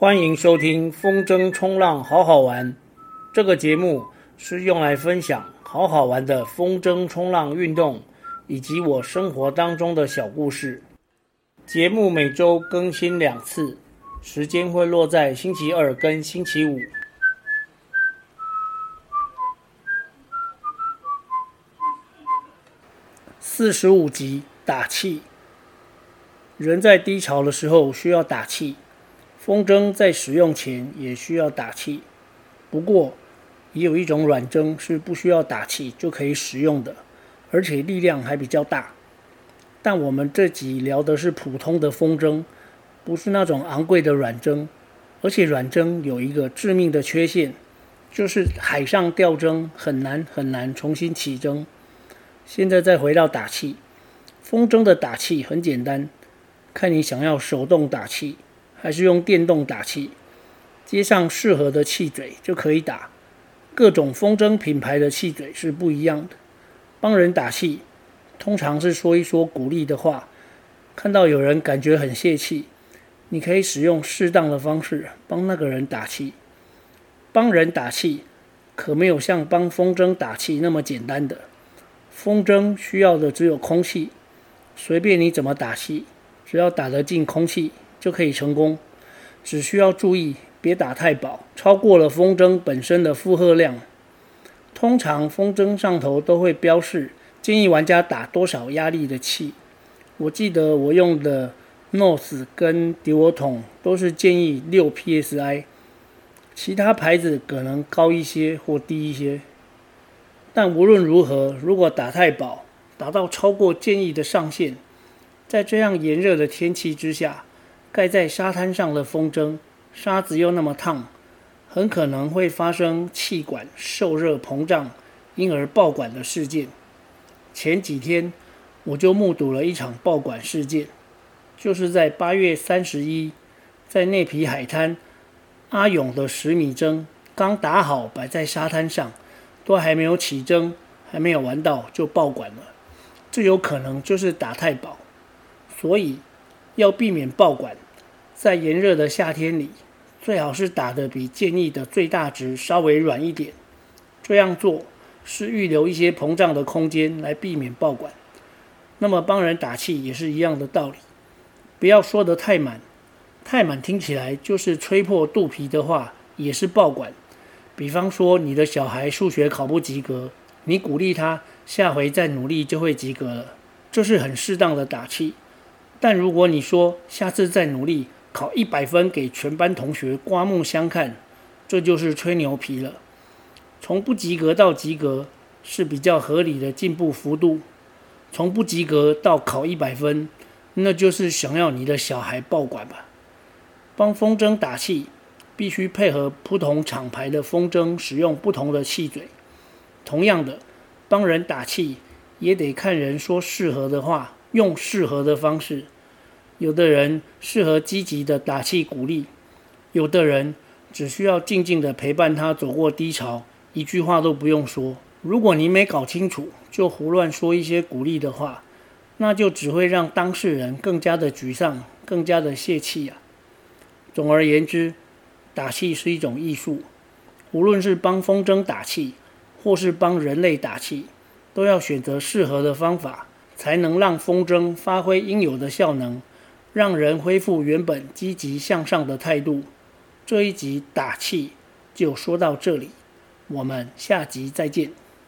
歡迎收聽風箏衝浪好好玩，這個節目是用來分享好好玩的風箏衝浪運動以及我生活當中的小故事。節目每周更新兩次，時間會落在星期二跟星期五。四十五集打氣，人在低潮的時候需要打氣。風箏在使用前也需要打氣，不過也有一種軟箏，是不需要打氣就可以使用的，而且力量還比較大。但我們這集聊的是普通的風箏，不是那種昂貴的軟箏。而且軟箏有一個致命的缺陷，就是海上掉箏，很難很難重新起箏。現在再回到打氣，風箏的打氣很簡單，看你想要手動打氣，還是用電動打氣，接上適合的氣嘴就可以打。各種風箏品牌的氣嘴是不一樣的。幫人打氣，通常是說一說鼓勵的話。看到有人感覺很洩氣，你可以使用適當的方式幫那個人打氣。幫人打氣，可沒有像幫風箏打氣那麼簡單的。風箏需要的只有空氣，隨便你怎麼打氣，只要打得進空氣。就可以成功，只需要注意別打太飽，超過了風箏本身的負荷量。通常風箏上頭都會標示建議玩家打多少壓力的氣。我記得我用的 North 跟 Duotone 都是建議六 PSI，其他牌子可能高一些或低一些。但無論如何，如果打太飽，達到超過建議的上限，在這樣炎熱的天氣之下，蓋在沙灘上的風箏，沙子又那麼燙，很可能會發生氣管受熱膨脹，因而爆管的事件。前幾天我就目睹了一場爆管事件，就是在八月三十一，在內埤海灘，阿勇的十米箏剛打好擺在沙灘上，都還沒有起箏，還沒有玩到就爆管了。最有可能就是打太飽，所以。要避免爆管，在炎熱的夏天裡，最好是打得比建議的最大值稍微軟一點。這樣做是預留一些膨脹的空間來避免爆管。那麼幫人打氣也是一樣的道理，不要說得太滿。太滿聽起來就是吹破肚皮的話，也是爆管。比方說你的小孩數學考不及格，你鼓勵他下回再努力就會及格了，這是很適當的打氣。但如果你說下次再努力考一百分，給全班同學刮目相看，這就是吹牛皮了。從不及格到及格是比較合理的進步幅度，從不及格到考一百分，那就是想要你的小孩爆管吧。幫風箏打氣，必須配合不同廠牌的風箏使用不同的氣嘴。同樣的，幫人打氣也得看人說適合的話。用適合的方式，有的人適合積極的打氣鼓勵，有的人只需要靜靜的陪伴他走過低潮，一句話都不用說。如果你沒搞清楚，就胡亂說一些鼓勵的話，那就只會讓當事人更加的沮喪，更加的洩氣啊。總而言之，打氣是一種藝術，無論是幫風箏打氣，或是幫人類打氣，都要選擇適合的方法。才能讓風箏發揮應有的效能，讓人恢復原本積極向上的態度。這一集打氣就說到這裡，我們下集再見。